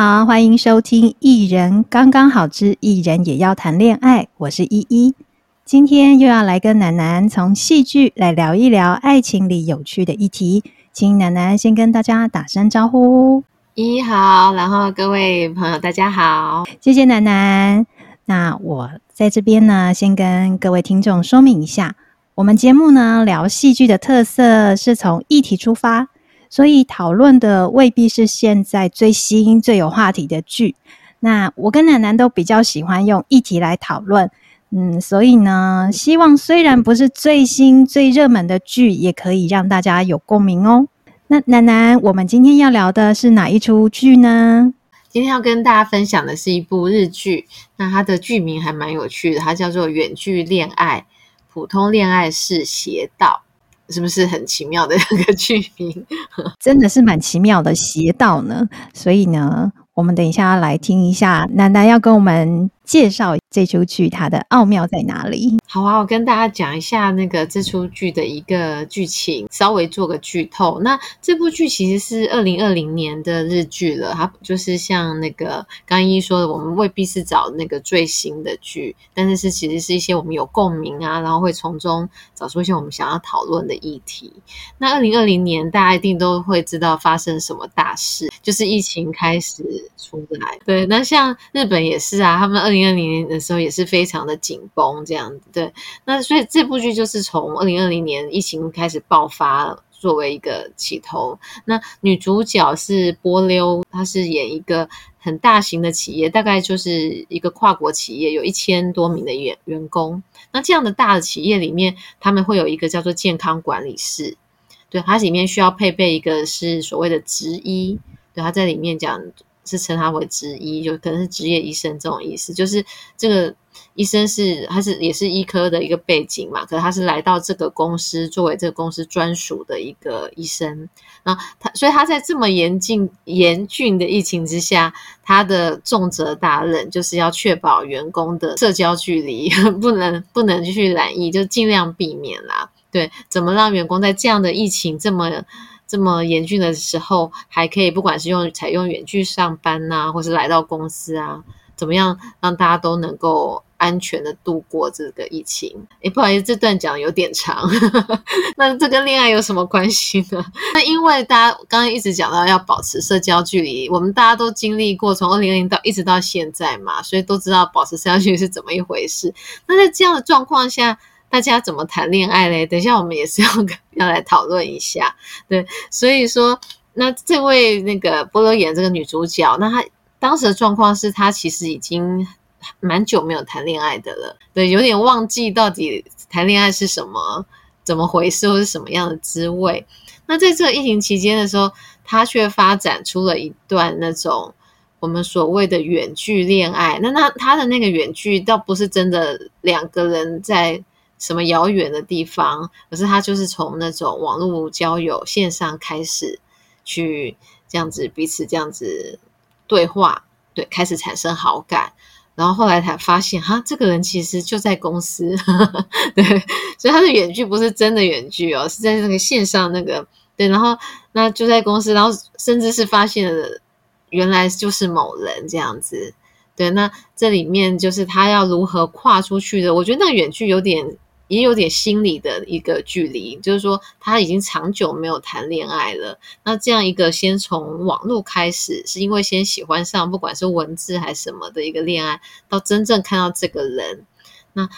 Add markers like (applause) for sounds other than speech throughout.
好，歡迎收聽《一人剛剛好之一人也要談戀愛》，我是伊伊，今天又要來跟南南從戲劇來聊一聊愛情裡有趣的議題，請南南先跟大家打聲招呼。伊伊好，然後各位朋友大家好，謝謝南南。那我在這邊呢，先跟各位聽眾說明一下，我們節目呢聊戲劇的特色是從議題出發。所以討論的未必是現在最新最有話題的劇。那我跟楠楠都比較喜歡用議題來討論，嗯，所以呢，希望雖然不是最新最熱門的劇，也可以讓大家有共鳴哦。那楠楠，我們今天要聊的是哪一出劇呢？今天要跟大家分享的是一部日劇，那它的劇名還蠻有趣的，它叫做《遠距戀愛》，普通戀愛是邪道。是不是很奇妙的一個劇名？ (laughs) 真的是蠻奇妙的邪道呢。所以呢，我們等一下要來聽一下南南要跟我們。介紹這出劇它的奧妙在哪裡？好啊，我跟大家講一下那個這出劇的一個劇情，稍微做個劇透。那這部劇其實是二零二零年的日劇了，它就是像那個剛一說的，我們未必是找那個最新的劇，但是是其實是一些我們有共鳴啊，然後會從中找出一些我們想要討論的議題。那二零二零年大家一定都會知道發生什麼大事，就是疫情開始出來。對，那像日本也是啊，他們二零。二零二零年的時候也是非常的緊繃這樣子，對。那所以這部劇就是從二零二零年疫情開始爆發作為一個起頭。那女主角是波瑠，她是演一個很大型的企業，大概就是一個跨國企業，有一千多名的員員工。那這樣的大的企業裡面，他們會有一個叫做健康管理師，對，它裡面需要配備一個是所謂的職醫，對，他在裡面講，是稱他為職醫，就可能是職業醫生這種意思，就是這個醫生是，他是，也是醫科的一個背景嘛，可是他是來到這個公司作為這個公司專屬的一個醫生。那他所以他在這麼嚴峻嚴峻的疫情之下，他的重責大任就是要確保員工的社交距離，不能不能去染疫，就盡量避免啦。對，怎麼讓員工在這樣的疫情這麼這麼嚴峻的時候，還可以不管是用採用遠距上班吶、啊，或是來到公司啊，怎麼樣讓大家都能夠安全的度過這個疫情？哎，不好意思，這段講有點長。 (laughs) 那這跟戀愛有什麼關係呢？那因為大家剛剛一直講到要保持社交距離，我們大家都經歷過從二零二零一直到現在嘛，所以都知道保持社交距離是怎麼一回事。那在這樣的狀況下。大家怎麼談戀愛嘞？等一下我們也是要要來討論一下，對，所以說那這位那個波瑠演這個女主角，那她當時的狀況是她其實已經蠻久沒有談戀愛的了，對，有點忘記到底談戀愛是什麼，怎麼回事，或者什麼樣的滋味。那在這個疫情期間的時候，她卻發展出了一段那種我們所謂的遠距戀愛。那那她，她的那個遠距倒不是真的兩個人在。什麼遙遠的地方，可是他就是從那種網絡交友線上開始，去這樣子彼此這樣子對話，對，開始產生好感，然後後來才發現，哈，這個人其實就在公司呵呵，對，所以他的遠距不是真的遠距哦，是在那個線上那個，對，然後那就在公司，然後甚至是發現了原來就是某人這樣子，對，那這裡面就是他要如何跨出去的，我覺得那遠距有點也有點心理的一個距離，就是說他已經長久沒有談戀愛了。那這樣一個先從網絡開始，是因為先喜歡上，不管是文字還是什麼的一個戀愛，到真正看到這個人，那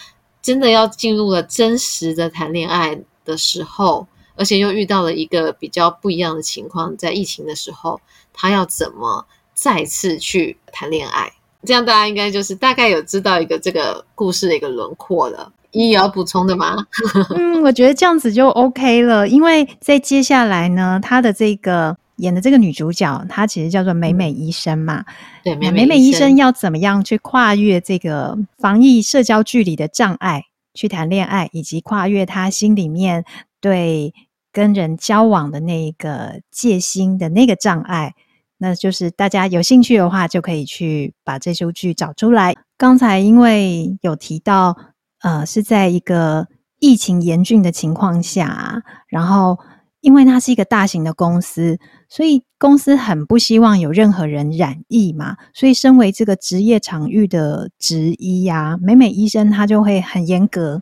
真的要進入了真實的談戀愛的時候，而且又遇到了一個比較不一樣的情況，在疫情的時候，他要怎麼再次去談戀愛？這樣大家應該就是大概有知道一個這個故事的一個輪廓了。有要補充的嗎？ (laughs) 嗯，我覺得這樣子就 OK 了，因為在接下來呢，她的這個演的這個女主角，她其實叫做美美醫生嘛。嗯、對，美美醫生，美美醫生要怎麼樣去跨越這個防疫社交距離的障礙，去談戀愛，以及跨越她心裡面對跟人交往的那個戒心的那個障礙？那就是大家有興趣的話，就可以去把這齣劇找出來。剛才因為有提到。呃，是在一個疫情嚴峻的情況下，然後因為它是一個大型的公司，所以公司很不希望有任何人染疫嘛。所以，身為這個職業場域的職醫呀、啊，美美醫生他就會很嚴格。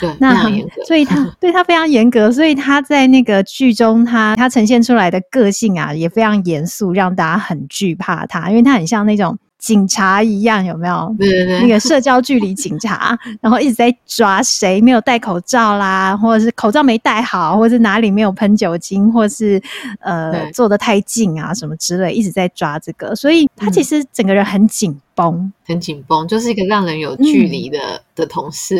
對，那所以他對他非常嚴格， (laughs) 所以他在那個劇中他，他他呈現出來的個性啊，也非常嚴肅，讓大家很懼怕他，因為他很像那種。警察一樣有沒有？對對對，那個社交距離警察， (laughs) 然後一直在抓誰沒有戴口罩啦，或者是口罩沒戴好，或者是哪裡沒有噴酒精，或者是呃對 坐得太近啊什麼之類，一直在抓這個。所以他其實整個人很緊繃、嗯，很緊繃，就是一個讓人有距離的、嗯、的同事。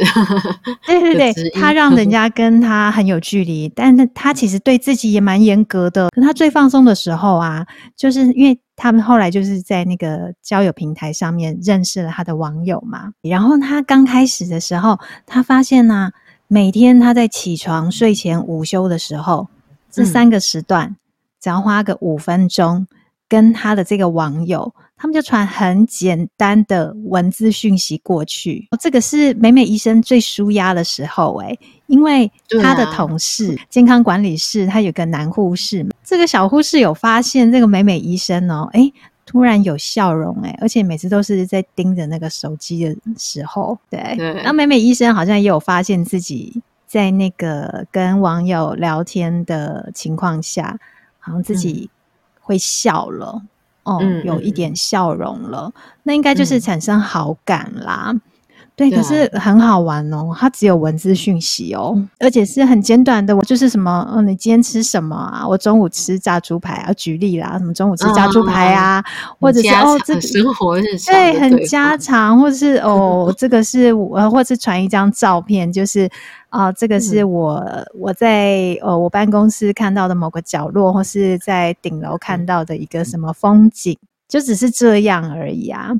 對對對， (laughs) 言他讓人家跟他很有距離，但他其實對自己也蠻嚴格的。可他最放鬆的時候啊，就是因為。他們後來就是在那個交友平台上面認識了他的網友嘛，然後他剛開始的時候，他發現呢、啊，每天他在起床、睡前、午休的時候、嗯、這三個時段，只要花個五分鐘，跟他的這個網友，他們就傳很簡單的文字訊息過去。哦，這個是美美醫生最舒壓的時候誒、欸因為他的同事、啊、健康管理室，他有個男護士，這個小護士有發現這、那個美美醫生哦，哎，突然有笑容哎，而且每次都是在盯着那個手機的時候，對，那對美美醫生好像也有發現自己在那個跟網友聊天的情況下，好像自己會笑了，嗯、哦，有一點笑容了，嗯嗯嗯，那應該就是產生好感啦。嗯對，可是很好玩哦。啊、它只有文字訊息哦，嗯、而且是很簡短的。我就是什麼，嗯、哦，你今天吃什麼啊？我中午吃炸豬排啊。舉例啦。什麼中午吃炸豬排啊、哦這個或哦這個哦？或者是哦，生活日常對，很家常，或者是哦，這個是我，或者是傳一張照片，就是哦，這個是我我在呃我辦公室看到的某個角落，或是在頂樓看到的一個什麼風景，就只是這樣而已啊。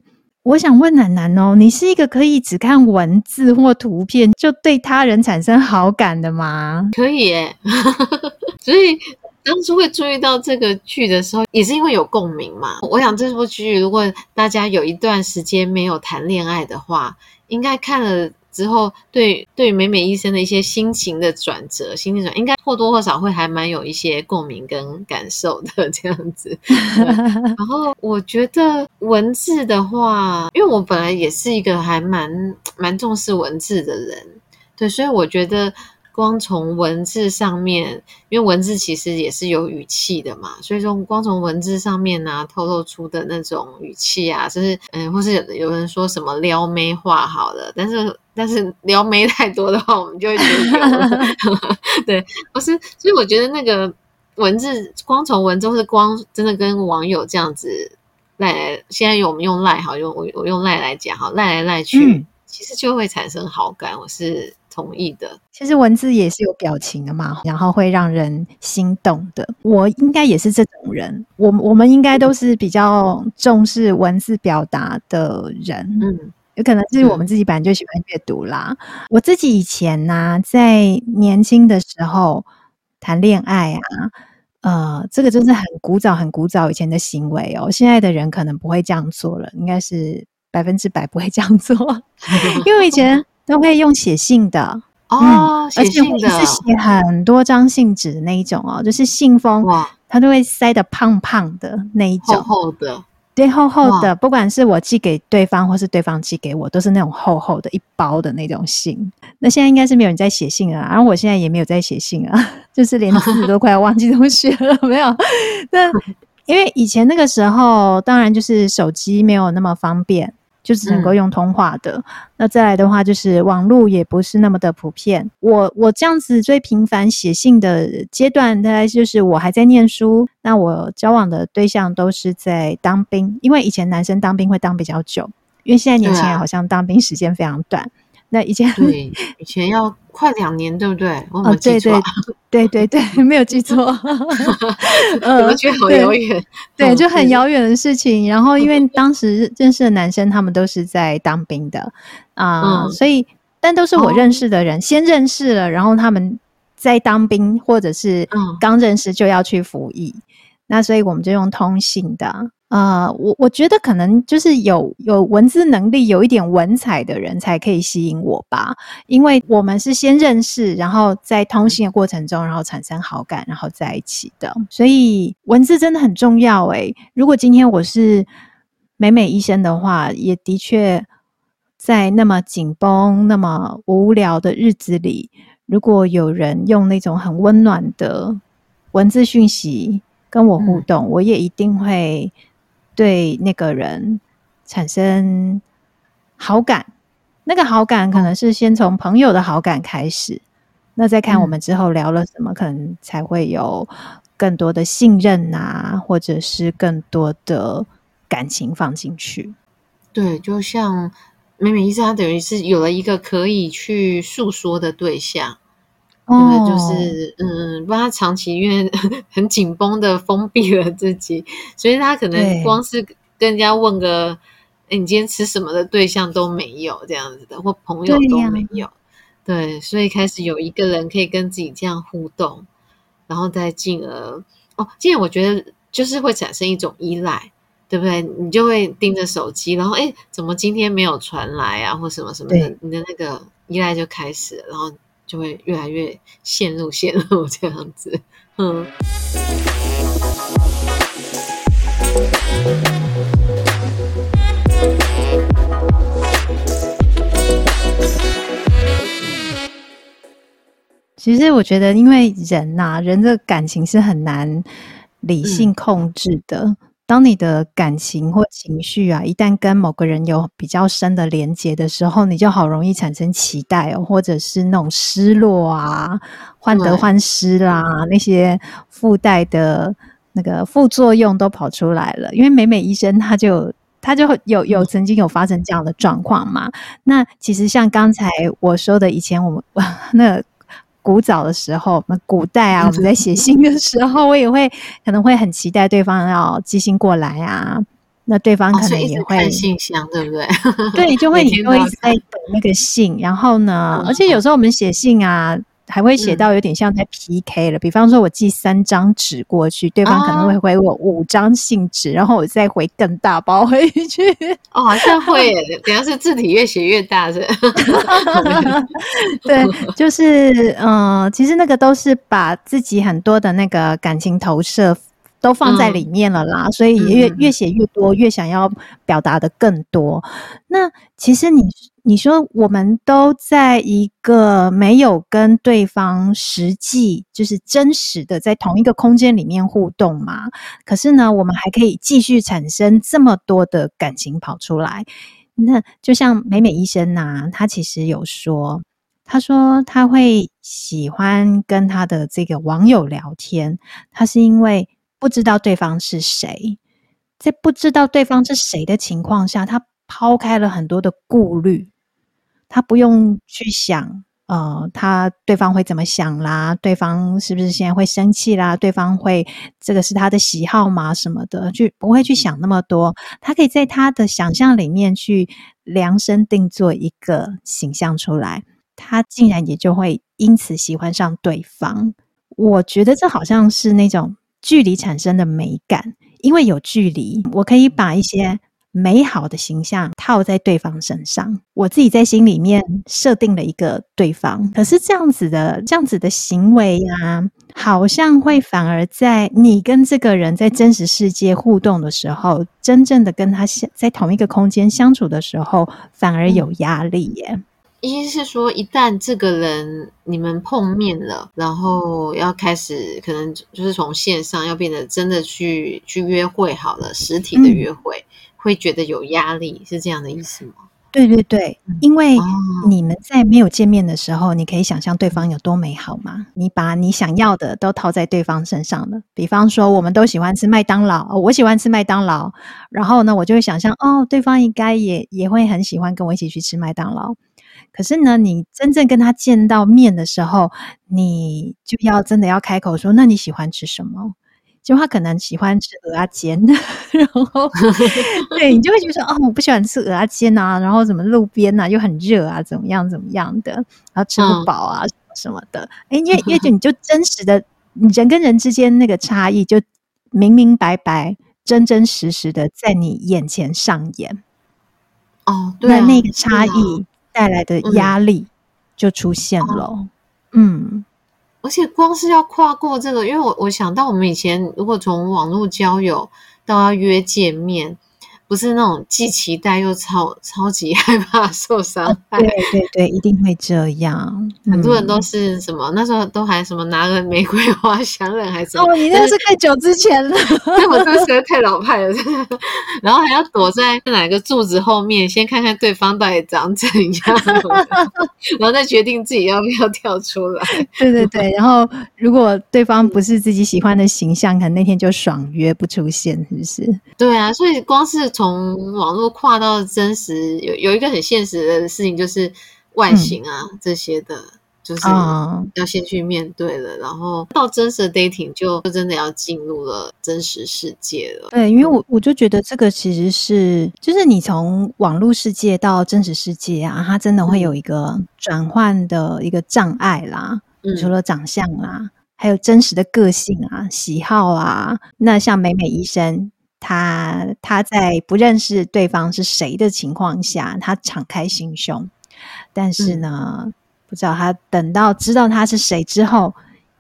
我想問南南哦，你是一個可以只看文字或圖片就對他人產生好感的嗎？可以耶，呵呵，所以當初會注意到這個劇的時候，也是因為有共鳴嘛。我想這部劇如果大家有一段時間沒有談戀愛的話，應該看了。之後對，對對美美醫生的一些心情的轉折，心情轉應該或多或少會還蠻有一些共鳴跟感受的這樣子。嗯、 (laughs) 然後我覺得文字的話，因為我本來也是一個還蠻蠻重視文字的人，對，所以我覺得光從文字上面，因為文字其實也是有語氣的嘛，所以說光從文字上面呢、啊、透露出的那種語氣啊，就是嗯、呃，或是有人說什麼撩妹話好了，但是。但是聊沒太多的話，我們就會覺得 (laughs) (laughs) 對，不是？所以我覺得那個文字光從文字或是光真的跟網友這樣子賴，現在我們用賴好用，我我用賴來講好賴來賴去，嗯、其實就會產生好感。我是同意的。其實文字也是有表情的嘛，然後會讓人心動的。我應該也是這種人，我我們應該都是比較重視文字表達的人。嗯。有可能是我們自己本身就喜歡閱讀啦。嗯、我自己以前呢、啊，在年輕的時候談戀愛啊，呃，這個就是很古早、很古早以前的行為哦。現在的人可能不會這樣做了，應該是百分之百不會這樣做， (laughs) 因為以前都會用寫信的哦，嗯、寫信的是寫很多張信紙那一種哦，就是信封，哇它都會塞得胖胖的那一種，厚,厚的。對，厚厚的，哇不管是我寄給對方，或是對方寄給我，都是那種厚厚的、一包的那種信。那現在應該是沒有人在寫信了，而我現在也沒有在寫信了， (laughs) 就是連字都快要忘記怎麼寫了。 (laughs) 沒有，那因為以前那個時候，當然就是手機沒有那麼方便。就只能夠用通話的，嗯、那再來的話就是網絡也不是那麼的普遍。我我這樣子最頻繁寫信的階段，大概就是我還在念書，那我交往的對象都是在當兵，因為以前男生當兵會當比較久，因為現在年輕人好像當兵時間非常短。那以前對，以前要快兩年，對不對？我沒記錯，對對對對， (laughs) 沒有記錯，我覺得好遙遠，呃對，嗯、對，就很遙遠的事情。然後因為當時認識的男生，他們都是在當兵的啊，呃嗯、所以但都是我認識的人、嗯、先認識了，然後他們再當兵，或者是剛認識就要去服役。嗯那所以我們就用通信的，呃，我我覺得可能就是有有文字能力、有一點文采的人，才可以吸引我吧。因為我們是先認識，然後在通信的過程中，然後產生好感，然後在一起的。所以文字真的很重要誒。如果今天我是美美醫生的話，也的確在那麼緊繃、那麼無聊的日子裡，如果有人用那種很溫暖的文字訊息。跟我互動，嗯、我也一定會對那個人產生好感。那個好感可能是先從朋友的好感開始，嗯、那再看我們之後聊了什麼，嗯、可能才會有更多的信任啊，或者是更多的感情放進去。對，就像美美伊莎，他等於是有了一個可以去訴說的對象。因為就是、哦、嗯，讓他長期因為很緊繃的封閉了自己，所以他可能光是跟人家問個“哎對，你今天吃什麼”的對象都沒有這樣子的，或朋友都沒有。對，呀對，所以開始有一個人可以跟自己這樣互動，然後再進而哦，進而我覺得就是會產生一種依賴，對不對？你就會盯着手機，然後哎，怎麼今天沒有傳來啊，或什麼什麼的，對你的那個依賴就開始，然後。就會越來越陷入、陷入這樣子。嗯，其實我覺得，因為人吶、啊，人的感情是很難理性控制的。嗯。當你的感情或情緒啊，一旦跟某個人有比較深的連結的時候，你就好容易產生期待、哦，或者是那種失落啊、患得患失啦、啊、嗯、那些附帶的那個副作用都跑出來了。因為美美醫生他，他就他就有有曾經有發生這樣的狀況嘛。那其實像剛才我說的，以前我們那個。古早的時候，那古代啊，我們在寫信的時候， (laughs) 我也會可能會很期待對方要寄信過來啊。那對方可能也會、啊、信箱，對不對？ (laughs) 對，你就會你會一直在等那個信。然後呢， (laughs) 而且有時候我們寫信啊。還會寫到有點像在 PK 了，嗯、比方說我寄三張紙過去，對方可能會回我五張信紙，啊、然後我再回更大包回去。哦，好像會， (laughs) 等下是字體越寫越大是？對，就是嗯，其實那個都是把自己很多的那個感情投射。都放在裡面了啦，oh。所以也越越寫越多，越想要表達的更多，嗯、那其實你你說，我們都在一個沒有跟對方實際就是真實的在同一個空間裡面互動嘛？可是呢，我們還可以繼續產生這麼多的感情跑出來。那就像美美醫生啊，他其實有說，他說他會喜歡跟他的這個網友聊天，他是因為。不知道對方是誰，在不知道對方是誰的情況下，他拋開了很多的顧慮，他不用去想，呃，他對方會怎麼想啦？對方是不是現在會生氣啦？對方會這個是他的喜好嗎？什麼的，就不會去想那麼多，他可以在他的想象裡面去量身定做一個形象出來，他竟然也就會因此喜歡上對方。我覺得這好像是那種。距離產生的美感，因為有距離，我可以把一些美好的形象套在對方身上。我自己在心裡面設定了一個對方，可是這樣子的這樣子的行為啊，好像會反而在你跟這個人在真實世界互動的時候，真正的跟他相在同一個空間相處的時候，反而有壓力耶。意思是說，一旦這個人你們碰面了，然後要開始可能就是從線上要變得真的去去約會好了，實體的約會、嗯、會覺得有壓力，是這樣的意思嗎？對對對，因為你們在沒有見面的時候，你可以想象對方有多美好嘛。你把你想要的都套在對方身上了，比方說，我們都喜歡吃麥當勞，哦，我喜歡吃麥當勞，然後呢，我就會想象哦，對方應該也也會很喜歡跟我一起去吃麥當勞。可是呢，你真正跟他見到面的時候，你就要真的要開口說，那你喜歡吃什麼？就他可能喜歡吃蚵仔煎， (laughs) 然後 (laughs) 對你就會覺得說哦，我不喜歡吃蚵仔煎啊，然後什麼路邊啊又很熱啊，怎麼樣怎麼樣的，然後吃不飽啊、嗯、什麼什麼的。哎、欸，因為 (laughs) 因為就你就真實的，你人跟人之間那個差異就明明白白、真真實實的在你眼前上演。哦，對、啊對啊、那那個差異。帶來的壓力就出現了。嗯、啊，嗯，嗯，而且光是要跨過這個，因為我我想到我們以前如果從網絡交友到要約見面。不是那種既期待又超超級害怕受傷害，對對對，一定會這樣。很多人都是什麼、嗯、那時候都還什麼拿個玫瑰花相認，還是哦，你那是太久之前了。對是， (laughs) 但我真的是太老派了， (laughs) (laughs) 然後還要躲在哪個柱子後面，先看看對方到底長怎樣， (laughs) (laughs) 然後再決定自己要不要跳出來。對對對， (laughs) 然後如果對方不是自己喜歡的形象，嗯、可能那天就爽約不出現，是、就、不是？對啊，所以光是。從網絡跨到真實，有有一個很現實的事情，就是外形啊、嗯、這些的，就是要先去面對了。嗯、然後到真實的 dating，就就真的要進入了真實世界了。對，因為我我就覺得這個其實是，就是你從網絡世界到真實世界啊，它真的會有一個轉換的一個障礙啦。嗯、除了長相啦、啊，還有真實的個性啊、喜好啊。那像美美醫生。他他在不認識對方是誰的情況下，他敞開心胸，但是呢，嗯、不知道他等到知道他是誰之後，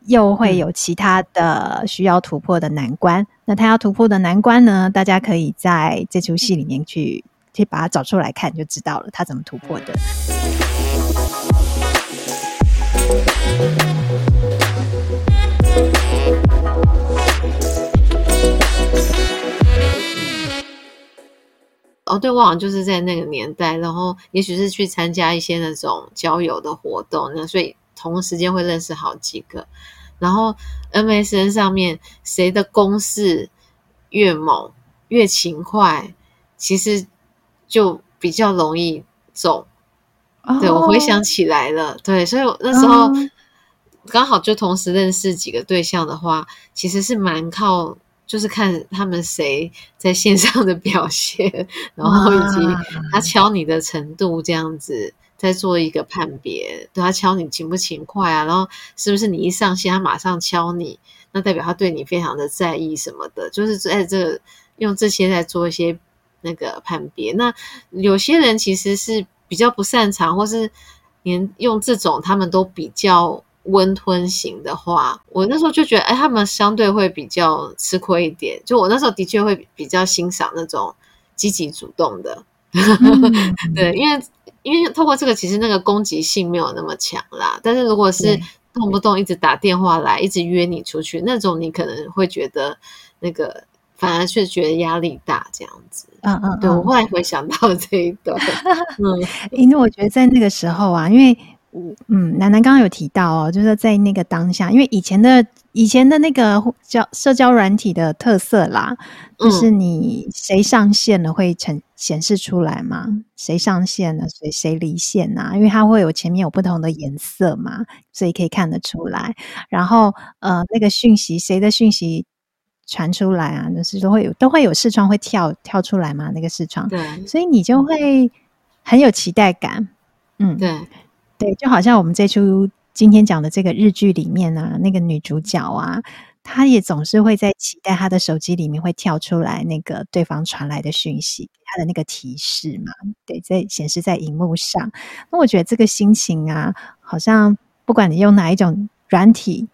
又會有其他的需要突破的難關。嗯、那他要突破的難關呢？大家可以在這出戲裡面去去把它找出來看，就知道了他怎麼突破的。嗯哦，oh, 對，我好像就是在那個年代，然後也許是去參加一些那種交友的活動，那所以同時間會認識好幾個。然後 MSN 上面誰的攻勢越猛、越勤快，其實就比較容易走。Oh. 對，我回想起來了，對，所以我那時候、oh. 剛好就同時認識幾個對象的話，其實是蠻靠。就是看他們誰在線上的表現，Wow. 然後以及他敲你的程度這樣子，再做一個判別，對，他敲你勤不勤快啊，然後是不是你一上線他馬上敲你，那代表他對你非常的在意什麼的，就是在這用這些來做一些那個判別。那有些人其實是比較不擅長，或是連用這種他們都比較。溫吞型的話，我那時候就覺得、哎，他們相對會比較吃虧一點。就我那時候的確會比較欣賞那種積極主動的，嗯、 (laughs) 對，因為因為透過這個，其實那個攻擊性沒有那麼強啦。但是如果是動不動一直打電話來，對一直約你出去，那種你可能會覺得那個反而卻覺得壓力大，這樣子。嗯嗯，對，嗯，我後來回想到這一段，嗯， (laughs) 嗯，因為我覺得在那個時候啊，因為。嗯，南南剛剛有提到哦、喔，就是在那個當下，因為以前的以前的那個交社交軟體的特色啦，就是你誰上線了會呈顯、嗯、示出來嘛？誰上線了，誰誰離線吶、啊？因為它會有前面有不同的顏色嘛，所以可以看得出來。然後呃，那個訊息誰的訊息傳出來啊，就是都會有都會有視窗會跳跳出來嘛，那個視窗。對，所以你就會很有期待感。嗯，對。對，就好像我們這出今天講的這個日劇裡面呢、啊，那個女主角啊，她也總是會在期待她的手機裡面會跳出來那個對方傳來的訊息，她的那個提示嘛，對，在顯示在螢幕上。那我覺得這個心情啊，好像不管你用哪一種軟體。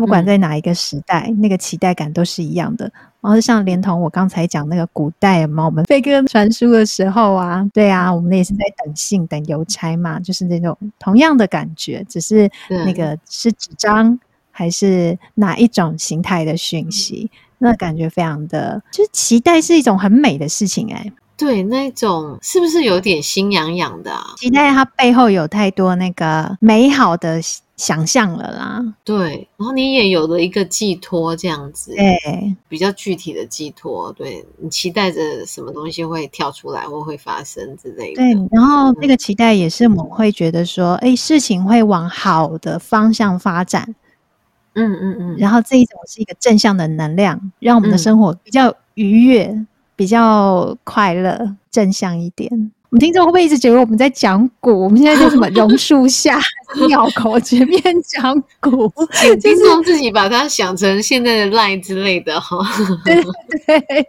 不管在哪一個時代，嗯、那個期待感都是一樣的。然後就像連同我剛才講那個古代嘛，我們飛鴿傳書的時候啊，對啊，我們也是在等信、等郵差嘛，就是那種同樣的感覺，只是那個是紙張對還是哪一種形態的訊息，那感覺非常的，對就是期待是一種很美的事情哎、欸。對，那種是不是有點心癢癢的啊？期待它背後有太多那個美好的想象了啦。對，然後你也有了一個寄托，這樣子，對，比較具體的寄托。對，你期待着什麼東西會跳出來，或會發生之類的。對，然後那個期待也是我們會覺得說，哎、嗯，事情會往好的方向發展。嗯嗯嗯，嗯嗯然後這一種是一個正向的能量，讓我們的生活比較愉悅。嗯比較快樂、正向一點，我們聽眾會不會一直覺得我們在講古？我們現在在什麼榕樹下、廟 (laughs) 口前面講古？ (laughs) 就是、聽眾自己把它想成現在的 line 之類的哈。呵呵對對對，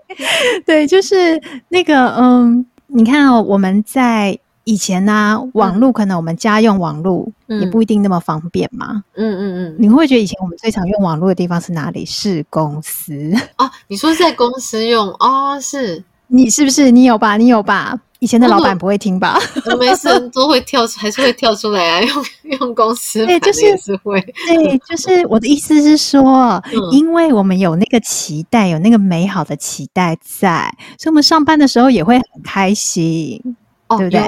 對就是那個嗯，你看哦，我們在。以前呢，網絡可能我們家用網絡也不一定那麼方便嘛。嗯嗯嗯，你會覺得以前我們最常用網絡的地方是哪裡？是公司啊？你說在公司用啊？是，你是不是你有吧？你有吧？以前的老闆不會聽吧？沒事都會跳，還是會跳出來啊？用用公司，對，就是會，對，就是我的意思是說，因為我們有那個期待，有那個美好的期待在，所以我們上班的時候也會很開心，對不對？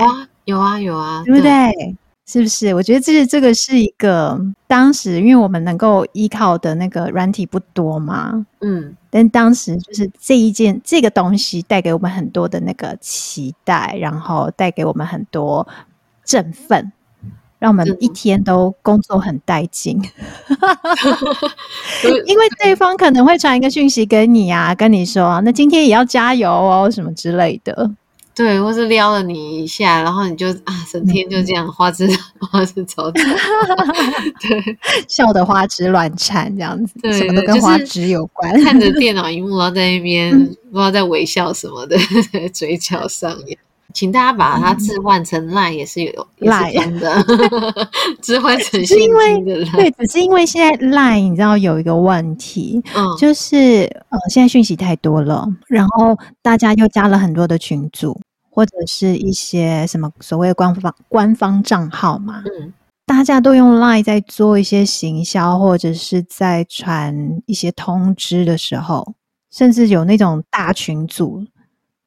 有啊有啊，有啊對不對？對是不是？我覺得這是這個是一個當時，因為我們能夠依靠的那個軟體不多嘛，嗯。但當時就是這一件這個東西帶給我們很多的那個期待，然後帶給我們很多振奮，讓我們一天都工作很帶勁。因為對方可能會傳一個訊息給你啊，跟你說啊：“那今天也要加油哦，什麼之類的。”對，或是撩了你一下，然後你就啊，整天就這樣、嗯、花枝花枝招展， (laughs) 對，， (laughs) 笑得花枝亂顫這樣子，對對對什麼都跟花枝有關，就是、 (laughs) 看着電腦熒幕，然後在那邊、嗯、不知道在微笑什麼的，對對，嘴角上揚。請大家把它置換成 Line 也是有 Line、嗯、的，置換成 Line (laughs) 的是因為，對，只是因為現在 Line 你知道有一個問題，嗯，就是呃現在訊息太多了，然後大家又加了很多的群組或者是一些什麼所謂官方官方賬號嘛，嗯，大家都用 Line 在做一些行銷或者是在傳一些通知的時候，甚至有那種大群組。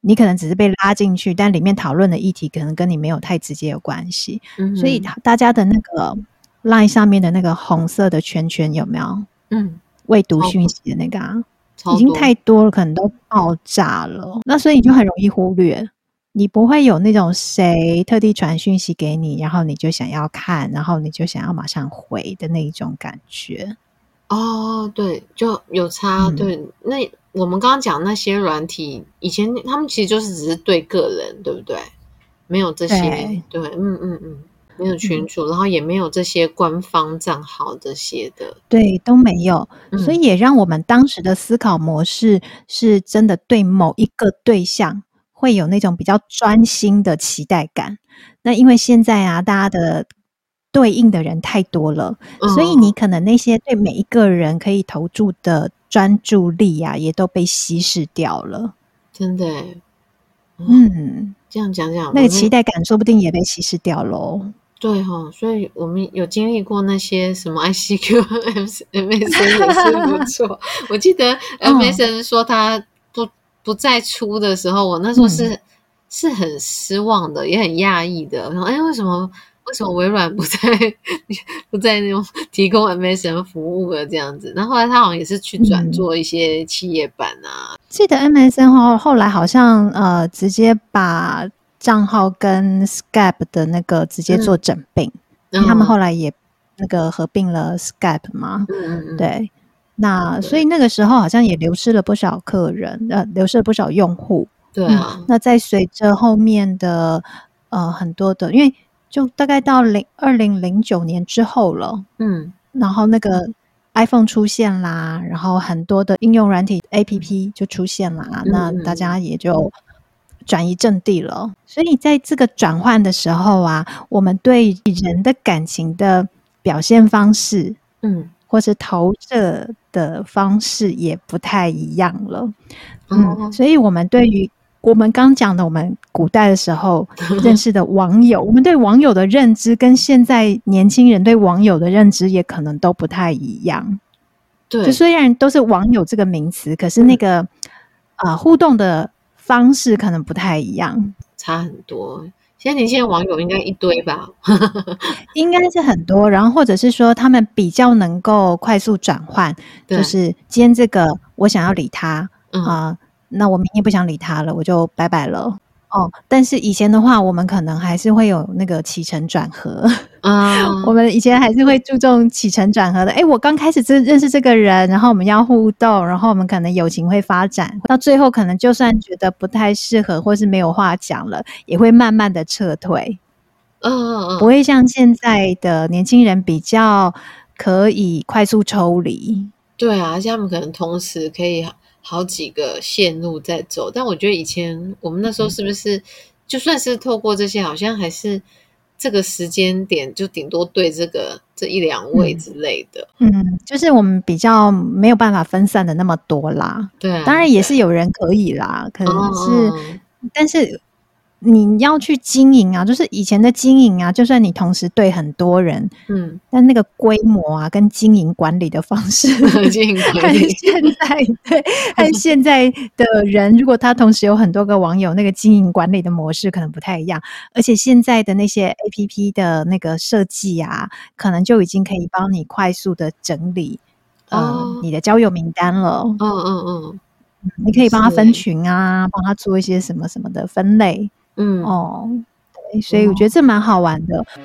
你可能只是被拉進去，但裡面討論的議題可能跟你沒有太直接的關係。嗯哼。所以大家的那個 line 上面的那個紅色的圈圈有沒有？嗯，未讀訊息的那個啊，已經太多了，可能都爆炸了。那所以你就很容易忽略，嗯、你不會有那種誰特地傳訊息給你，然後你就想要看，然後你就想要馬上回的那一種感覺。哦，對，就有差。嗯、對，那我們剛剛講那些軟體，以前他們其實就是只是對個人，對不對？沒有這些，對，對，嗯嗯嗯，沒有群組，嗯、然後也沒有這些官方賬號這些的，對，都沒有。所以也讓我們當時的思考模式是真的對某一個對象會有那種比較專心的期待感。那因為現在啊，大家的。對應的人太多了，嗯、所以你可能那些對每一個人可以投注的專注力呀，啊，也都被稀釋掉了。真的，嗯，這樣講講，那個期待感說不定也被稀釋掉嘍。對哈，所以我們有經歷過那些什麼 ICQ、M S N 也是不錯。 (laughs) 我記得 M S N 說他不，嗯，不再出的時候，我那時候是，嗯，是很失望的，也很訝異的。哎，為什麼？為什麼微軟不再不再那種提供 MSN 服務了？這樣子，然後，後來他好像也是去轉做一些企業版啊。嗯、記得 MSN 後後來好像呃直接把賬號跟 Skype 的那個直接做整併，嗯嗯、然後他們後來也那個合併了 Skype 嘛？嗯嗯、對，那對所以那個時候好像也流失了不少客人，呃，流失了不少用戶。對、啊嗯、那在隨着後面的呃很多的因為。就大概到零二零零九年之後了，嗯，然後那個 iPhone 出現啦，然後很多的應用軟體 APP 就出現啦，嗯、那大家也就轉移陣地了。嗯嗯、所以在這個轉換的時候啊，我們對於人的感情的表現方式，嗯，或是投射的方式也不太一樣了，哦哦嗯，所以我們對於。我們剛講的，我們古代的時候認識的網友， (laughs) 我們對網友的認知跟現在年輕人對網友的認知，也可能都不太一樣。對，雖然都是網友這個名詞，可是那個啊、嗯呃，互動的方式可能不太一樣，差很多。其實你現在網友應該一堆吧？ (laughs) 應該是很多。然後或者是說，他們比較能夠快速轉換，對就是今天這個我想要理他啊。嗯呃那我明天不想理他了，我就拜拜了。哦，但是以前的話，我們可能還是會有那個起承轉合啊。 (laughs) 我們以前還是會注重起承轉合的。誒，我剛開始這認識這個人，然後我們要互動，然後我們可能友情會發展，到最後可能就算覺得不太適合，或是沒有話講了，也會慢慢的撤退。嗯嗯嗯，不會像現在的年輕人比較可以快速抽離。對啊，像他們可能同時可以。好幾個線路在走，但我覺得以前我們那時候是不是就算是透過這些，好像還是這個時間點就頂多對這個這一兩位之類的。嗯，就是我們比較沒有辦法分散的那麼多啦。對啊，當然也是有人可以啦，對。可能是，嗯。但是。你要去經營啊，就是以前的經營啊，就算你同時對很多人，嗯，但那個規模啊，跟經營管理的方式，經營管理， (laughs) 現在，對，和現在的人， (laughs) 如果他同時有很多個網友，那個經營管理的模式可能不太一樣。而且現在的那些 APP 的那個設計啊，可能就已經可以幫你快速的整理，嗯、呃，oh. 你的交友名單了。嗯嗯嗯，你可以幫他分群啊，是幫他做一些什麼什麼的分類。嗯哦，對，所以我覺得這蠻好玩的。嗯、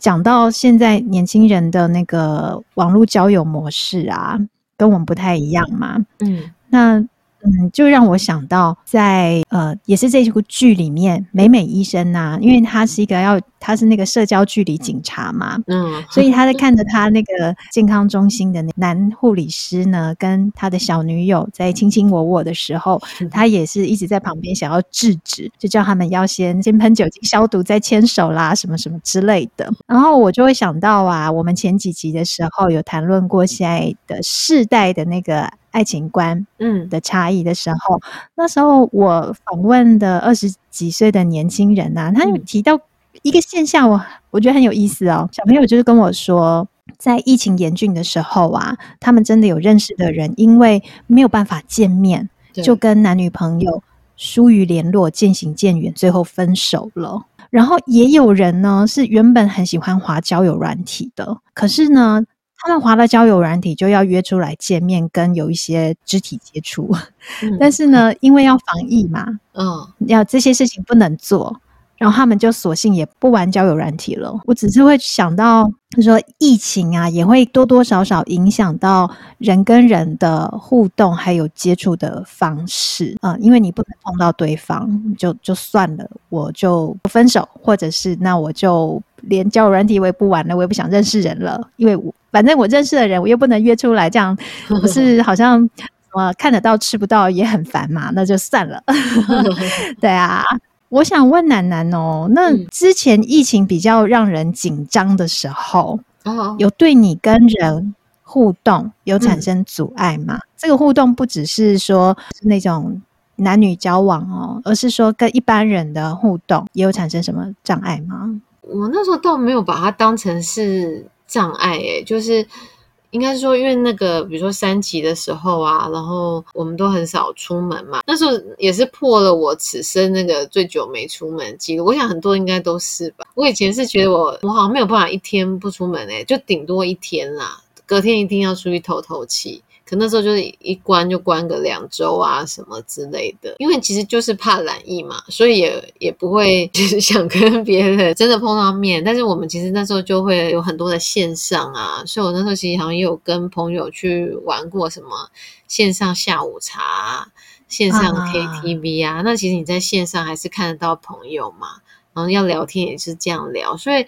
講到現在年輕人的那個網絡交友模式啊，跟我們不太一樣嘛。嗯，那嗯，就讓我想到在呃，也是這一部劇裡面，美美醫生啊，因為她是一個要。他是那個社交距離警察嘛，嗯，所以他在看着他那個健康中心的男護理師呢，跟他的小女友在卿卿我我的時候，他也是一直在旁邊想要制止，就叫他們要先先噴酒精消毒，再牽手啦，什麼什麼之類的。然後我就會想到啊，我們前幾集的時候有談論過現在的世代的那個愛情觀，嗯的差異的時候，嗯，那時候我訪問的二十幾歲的年輕人吶，啊，他就提到一個現象，我我覺得很有意思哦。小朋友就是跟我說，在疫情嚴峻的時候啊，他們真的有認識的人，對因為沒有辦法見面，對就跟男女朋友疏於聯絡，漸行漸遠，最後分手了。然後也有人呢，是原本很喜歡滑交友軟體的，可是呢，他們滑了交友軟體就要約出來見面，跟有一些肢體接觸，嗯、但是呢，嗯、因為要防疫嘛，嗯，要這些事情不能做。然後他們就索性也不玩交友軟體了。我只是會想到，就是說疫情啊，也會多多少少影響到人跟人的互動還有接觸的方式啊，嗯，因為你不能碰到對方，就就算了，我就分手，或者是那我就連交友軟體我也不玩了，我也不想認識人了，因為我反正我認識的人我又不能約出來，這樣不是好像呃 (laughs) 看得到吃不到也很煩嘛，那就算了。 (laughs) 對啊。我想問南南哦，那之前疫情比較讓人緊張的時候，嗯哦、有對你跟人互動有產生阻礙嗎？嗯、這個互動不只是說那種男女交往哦，而是說跟一般人的互動也有產生什麼障礙嗎？我那時候倒沒有把它當成是障礙、欸，誒就是。應該說，因為那個，比如說三級的時候啊，然後我們都很少出門嘛。那時候也是破了我此生那個最久沒出門記錄。我想很多應該都是吧。我以前是覺得我我好像沒有辦法一天不出門哎，、欸，就頂多一天啦，隔天一定要出去透透氣。可那時候就是一關就關個兩周啊，什麼之類的，因為其實就是怕染疫嘛，所以也也不會想跟別人真的碰到面。但是我們其實那時候就會有很多的線上啊，所以我那時候其實好像也有跟朋友去玩過什麼線上下午茶，啊、線上 KTV 啊。啊啊那其實你在線上還是看得到朋友嘛，然後要聊天也是這樣聊，所以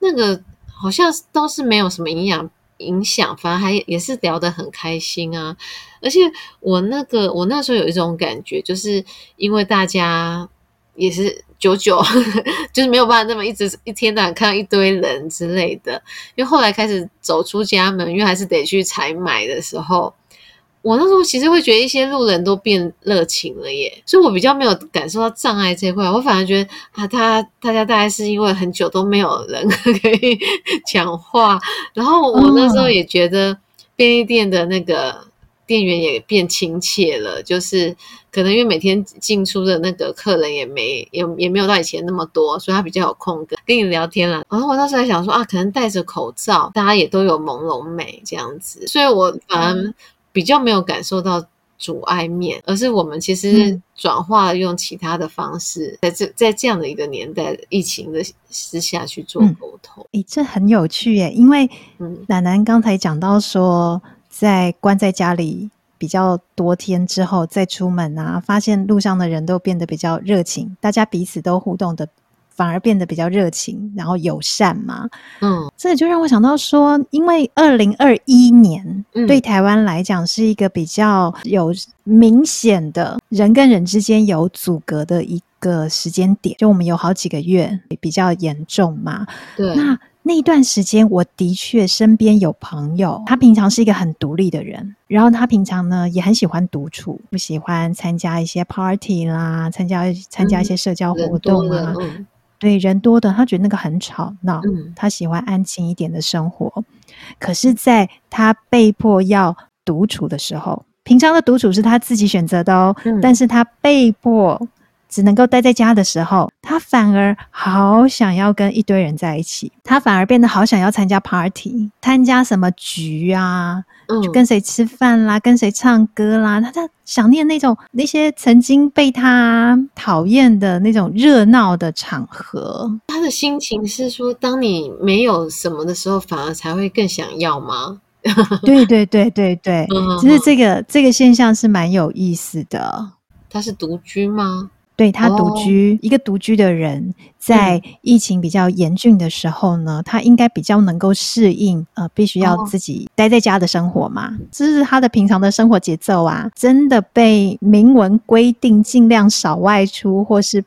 那個好像都是沒有什麼營養影響，反而還也是聊得很開心啊，而且我那個我那時候有一種感覺，就是因為大家也是久久，呵呵就是沒有辦法那麼一直一天到晚看到一堆人之類的，因為後來開始走出家門，因為還是得去採買的時候。我那時候其實會覺得一些路人都變熱情了耶，所以我比較沒有感受到障礙這塊，我反而覺得啊，他大家大概是因為很久都沒有人 (laughs) 可以講話，然後我那時候也覺得便利店的那個店員也變親切了，就是可能因為每天進出的那個客人也沒也也沒有到以前那麼多，所以他比較有空跟跟你聊天了。然後我那時候還想說啊，可能戴着口罩，大家也都有朦朧美這樣子，所以我反而、嗯。比較沒有感受到阻礙面，而是我們其實轉化用其他的方式，嗯、在這在這樣的一個年代，疫情的時下，去做溝通。哎、嗯，欸，這很有趣耶，因為、嗯、南南剛才講到說，在關在家裡比較多天之後，再出門啊，發現路上的人都變得比較熱情，大家彼此都互動的。反而變得比較熱情，然後友善嘛，嗯，這就讓我想到說，因為二零二一年、嗯、對台灣來講是一個比較有明顯的人跟人之間有阻隔的一個時間點，就我們有好幾個月比較嚴重嘛，對。那那一段時間，我的確身邊有朋友，他平常是一個很獨立的人，然後他平常呢也很喜歡獨處，不喜歡參加一些 party 啦，參加參加一些社交活動啊。嗯所以人多的，他覺得那個很吵鬧，嗯、他喜歡安靜一點的生活。可是，在他被迫要獨處的時候，平常的獨處是他自己選擇的哦，嗯、但是他被迫。只能夠待在家的時候，他反而好想要跟一堆人在一起，他反而變得好想要參加 party，參加什麼局啊，就、嗯、跟誰吃飯啦，跟誰唱歌啦，他在想念那種那些曾經被他討厭的那種熱鬧的場合。他的心情是說，當你沒有什麼的時候，反而才會更想要嗎？ (laughs) 對對對對對，嗯、哼哼其實這個這個現象是蠻有意思的。他是獨居嗎？對，他獨居，oh. 一個獨居的人，在疫情比較嚴峻的時候呢，mm. 他應該比較能夠適應，呃，必須要自己待在家的生活嘛。Oh. 這是他的平常的生活節奏啊，真的被明文規定，盡量少外出，或是。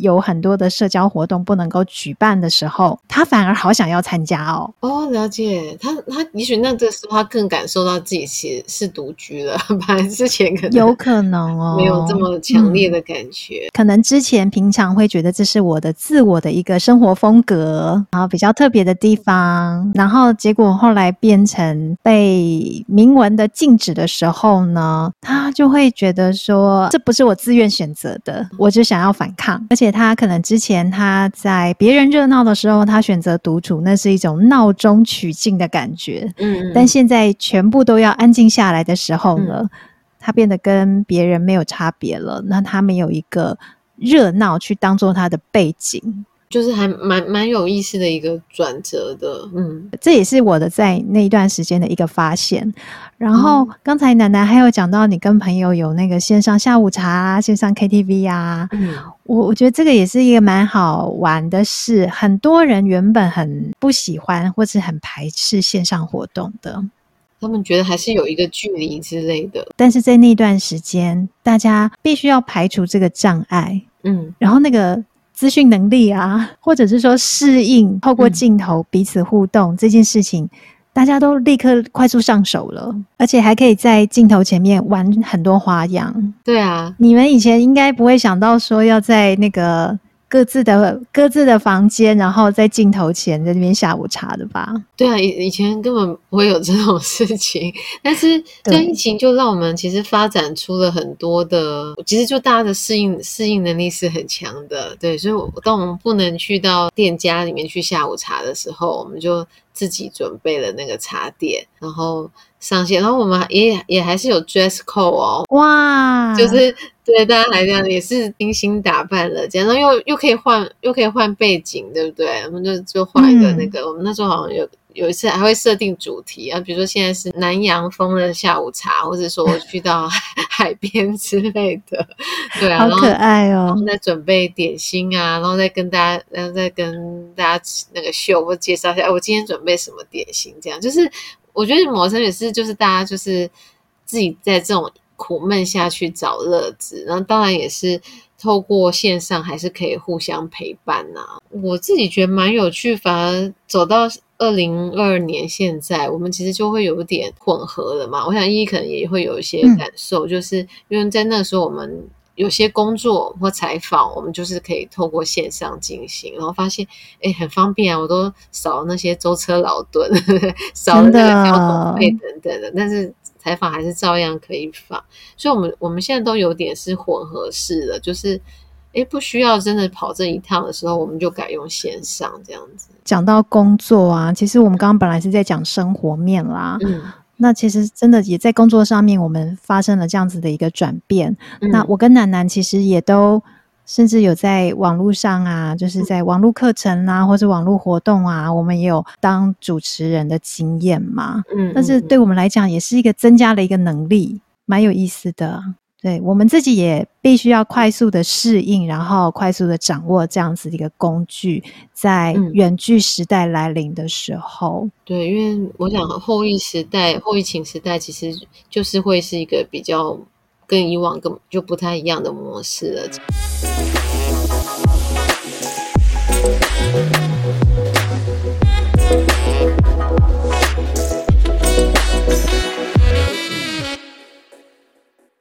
有很多的社交活動不能夠舉辦的時候，他反而好想要參加哦。哦，了解。他，他也許那個時候他更感受到自己其實是獨居了，反正之前可能有，有可能哦，沒有這麼強烈的感覺。可能之前平常會覺得這是我的自我的一個生活風格，然後比較特別的地方，然後結果後來變成被明文的禁止的時候呢，他就會覺得說，這不是我自願選擇的，我就想要反抗。而且他可能之前他在別人熱鬧的時候，他選擇獨處，那是一種鬧中取靜的感覺。嗯，但現在全部都要安靜下來的時候呢，嗯、他變得跟別人沒有差別了。那他沒有一個熱鬧去當做他的背景。就是還蠻蠻有意思的一個轉折的，嗯，這也是我的在那一段時間的一個發現。然後剛才南南還有講到，你跟朋友有那個線上下午茶、啊、線上 KTV 啊，嗯，我我覺得這個也是一個蠻好玩的事。很多人原本很不喜歡或是很排斥線上活動的，他們覺得還是有一個距離之類的。但是在那一段時間，大家必須要排除這個障礙，嗯，然後那個。資訊能力啊，或者是說適應透過鏡頭彼此互動這件事情，嗯、大家都立刻快速上手了，而且還可以在鏡頭前面玩很多花樣。對啊，你們以前應該不會想到說要在那個。各自的各自的房間，然後在鏡頭前在那邊下午茶的吧。對啊，以以前根本不會有這種事情，但是對這疫情就讓我們其實發展出了很多的，其實就大家的適應適應能力是很強的。對，所以我當我們不能去到店家裡面去下午茶的時候，我們就自己準備了那個茶點，然後上線，然後我們也也還是有 dress code 哦、喔。哇，就是。對，大家還這樣，也是精心打扮了，這樣又又可以換，又可以換背景，對不對？我們就就換一個那個，嗯、我們那時候好像有有一次還會設定主題啊，比如說現在是南洋風的下午茶，或者說我去到海邊之類的， (laughs) 對啊。好可愛哦！然後再準備點心啊，然後再跟大家，然後再跟大家那個秀或介紹一下，哎、啊，我今天準備什麼點心？這樣就是我覺得某程也是，就是大家就是自己在這種。苦悶下去找樂子，然後當然也是透過線上還是可以互相陪伴吶、啊。我自己覺得蠻有趣，反而走到二零二二年現在，我們其實就會有點混合了嘛。我想伊伊可能也會有一些感受，嗯、就是因為在那時候我們有些工作或採訪，我們就是可以透過線上進行，然後發現哎，很方便啊，我都少了那些舟車勞頓，少的 (laughs) 了那個交通費等等的，但是。採訪還是照樣可以放，所以，我們我們現在都有點是混合式的，就是，誒、欸、不需要真的跑這一趟的時候，我們就改用線上這樣子。講到工作啊，其實我們剛剛本來是在講生活面啦，嗯，那其實真的也在工作上面，我們發生了這樣子的一個轉變。嗯、那我跟南南其實也都。甚至有在網絡上啊，就是在網絡課程啊，嗯、或者網絡活動啊，我們也有當主持人的經驗嘛。嗯,嗯,嗯，但是對我們來講也是一個增加了一個能力，蠻有意思的。對我們自己也必須要快速的適應，然後快速的掌握這樣子的一個工具，在遠距時代來臨的時候。嗯。對，因為我想後疫情時代，後疫情時代其實就是會是一個比較。跟以往根本就不太一樣的模式了。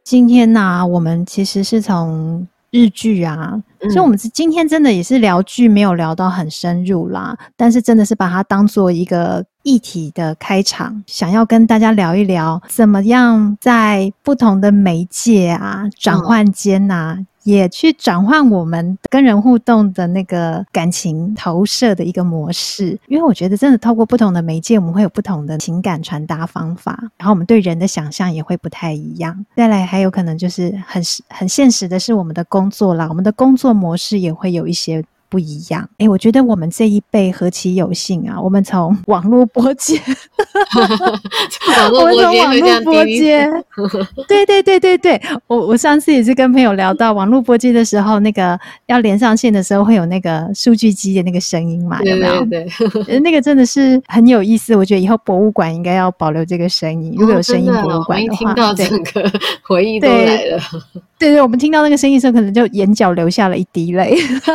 今天呢、啊，我們其實是從日劇啊，嗯、所以我們是今天真的也是聊劇，沒有聊到很深入啦，但是真的是把它當做一個。一體的開場，想要跟大家聊一聊，怎麼樣在不同的媒介啊轉換間啊，嗯、也去轉換我們跟人互動的那個感情投射的一個模式。因為我覺得，真的透過不同的媒介，我們會有不同的情感傳達方法，然後我們對人的想象也會不太一樣。再來，還有可能就是很很現實的是，我們的工作啦，我們的工作模式也會有一些。不一樣哎、欸，我覺得我們這一輩何其有幸啊！我們從網絡撥接， (laughs) 迪迪迪 (laughs) 我們從網絡撥接， (laughs) 對,對對對對對。我我上次也是跟朋友聊到網絡撥接的時候，那個要連上線的時候會有那個數據機的那個聲音嘛？有沒有 (laughs) 對,對,對， (laughs) 那個真的是很有意思。我覺得以後博物館應該要保留這個聲音，如果有聲音博物館的話，哦、我一聽到整個回憶都來了。對對對對，我們聽到那個聲音的時候，可能就眼角流下了一滴淚。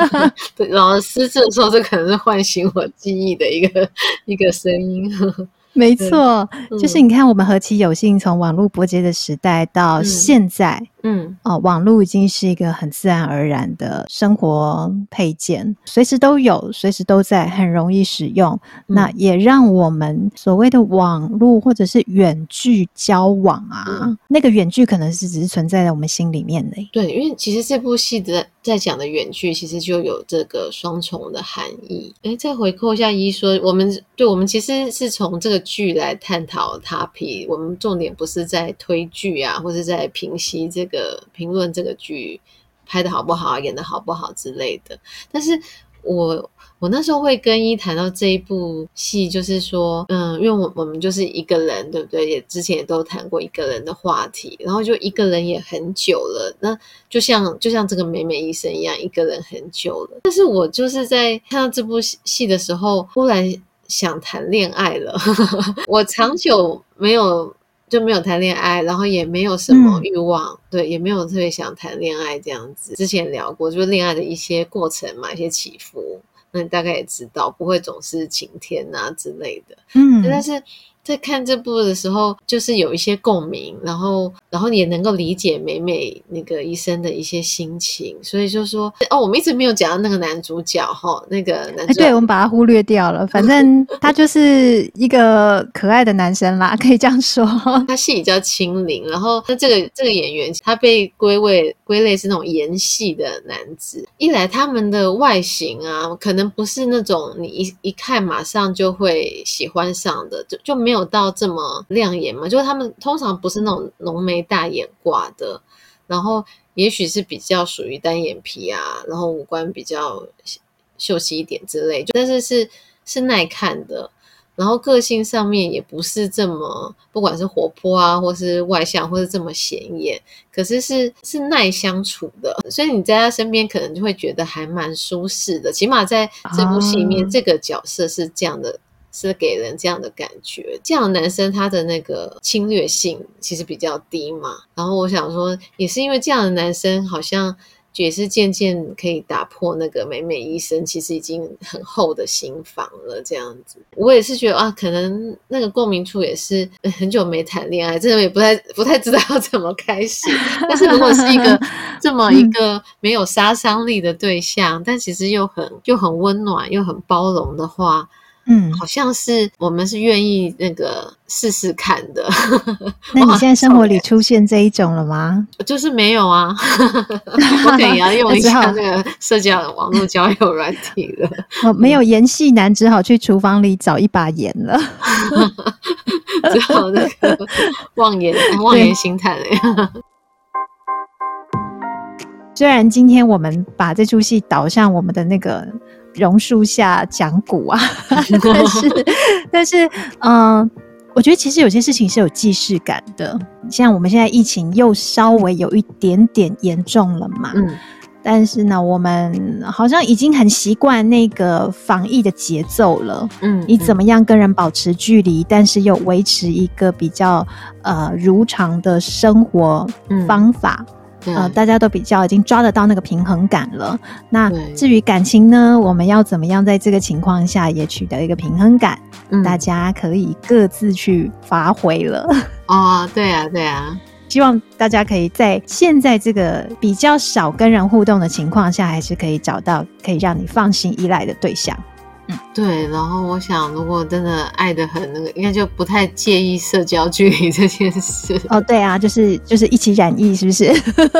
(laughs) (laughs) 對，然後失智的時候，這可能是喚醒我記憶的一個一個聲音。 (laughs) 沒錯，對就是你看，我們何其有幸，嗯、從網絡撥接的時代到現在，嗯，嗯哦，網絡已經是一個很自然而然的生活配件，隨時都有，隨時都在，很容易使用。嗯、那也讓我們所謂的網絡或者是遠距交往啊，嗯、那個遠距可能是只是存在在我們心裡面的。對，因為其實這部戲的。在講的遠距其實就有這個雙重的含義。哎、欸，再回扣一下，伊伊說我們，對，我們其實是從這個劇來探討 topic，我們重點不是在推劇啊，或者在評析這個評論這個劇拍的好不好，演的好不好之類的，但是。我我那時候會跟一談到這一部戲，就是說，嗯，因為我我們就是一個人，對不對？也之前也都談過一個人的話題，然後就一個人也很久了，那就像就像這個美美醫生一樣，一個人很久了。但是我就是在看到這部戲的時候，忽然想談戀愛了。 (laughs) 我長久沒有。就沒有談戀愛，然後也沒有什麼慾望，嗯、對，也沒有特別想談戀愛這樣子。之前聊過，就戀愛的一些過程嘛，一些起伏，那你大概也知道，不會總是晴天啊之類的，嗯，但是。在看這部的時候，就是有一些共鳴，然後，然後也能夠理解美美那個醫生的一些心情，所以就說哦，我們一直沒有講到那個男主角哈、哦，那個男主角哎，欸、對，我們把他忽略掉了，反正他就是一個可愛的男生啦， (laughs) 可以這樣說。他戲叫清靈，然後那這個這個演員，他被歸為歸類是那種鹽系的男子，一來他們的外形啊，可能不是那種你一一看馬上就會喜歡上的，就就沒有。有到這麼亮眼嗎？就是他們通常不是那種濃，濃眉大眼掛的，然後也許是比較屬於單眼皮啊，然後五官比較秀氣一點之類的，但是是是耐看的，然後個性上面也不是這麼，不管是活潑啊，或是外向，或是這麼顯眼，可是是是耐相處的，所以你在他身邊可能就會覺得還蠻舒適的，起碼在這部戲裡面這個角色是這樣的。嗯是給人這樣的感覺，這樣的男生他的那個侵略性其實比較低嘛。然後我想說，也是因為這樣的男生好像也是漸漸可以打破那個美美醫生其實已經很厚的心防了。這樣子，我也是覺得啊，可能那個共鳴處也是很久沒談戀愛，真的也不太不太知道要怎麼開始。但是如果是一個、 (laughs) 嗯、這麼一個沒有殺傷力的對象，但其實又很又很溫暖又很包容的話。嗯，好像是我們是願意那個試試看的。 (laughs) 那你現在生活裡出現這一種了嗎？就是沒有啊，因 (laughs) 能用一下那個社交網絡交友軟體了。 (laughs) 我沒有鹽系男， (laughs) 只好去廚房裡找一把鹽了。 (laughs) (laughs) 只好那個望鹽望鹽心態了對 (laughs) 雖然今天我們把這出戲導向我們的那個。榕樹下講古啊， (laughs) 但是，oh. 但是，嗯、呃，我覺得其實有些事情是有既視感的。對像我們現在疫情又稍微有一點點嚴重了嘛，嗯，但是呢，我們好像已經很習慣那個防疫的節奏了，嗯，你怎麼樣跟人保持距離，嗯、但是又維持一個比較呃如常的生活方法。嗯呃，大家都比較已經抓得到那個平衡感了。那至於感情呢，我們要怎麼樣在這個情況下也取得一個平衡感？嗯，大家可以各自去發揮了。哦，對啊，對啊，希望大家可以在現在這個比較少跟人互動的情況下，還是可以找到可以讓你放心依賴的對象。嗯、對，然後我想，如果真的愛得很，那個應該就不太介意社交距離這件事。哦，對啊，就是就是一起染疫，是不是？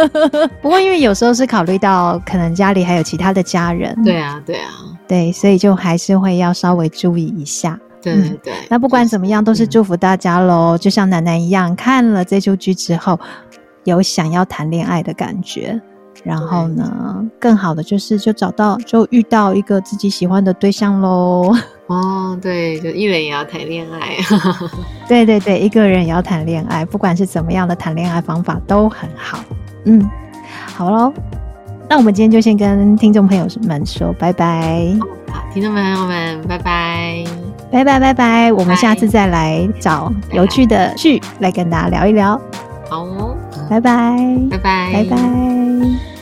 (laughs) 不過因為有時候是考慮到可能家裡還有其他的家人。嗯、對啊，對啊，對，所以就還是會要稍微注意一下。對對。那不管怎麼樣，就是，都是祝福大家嘍。嗯、就像南南一樣，看了這出劇之後，有想要談戀愛的感覺。然後呢，對更好的就是就找到就遇到一個自己喜歡的對象嘍。哦，對，就一人也要談戀愛。 (laughs) 對對對，一個人也要談戀愛，不管是怎麼樣的談戀愛方法都很好。嗯，好嘍，那我們今天就先跟聽眾朋友們說拜拜。好，聽眾朋友們，我們拜拜，拜拜拜拜，拜拜，我們下次再來找有趣的劇拜拜來跟大家聊一聊。好。拜拜，拜拜，拜拜。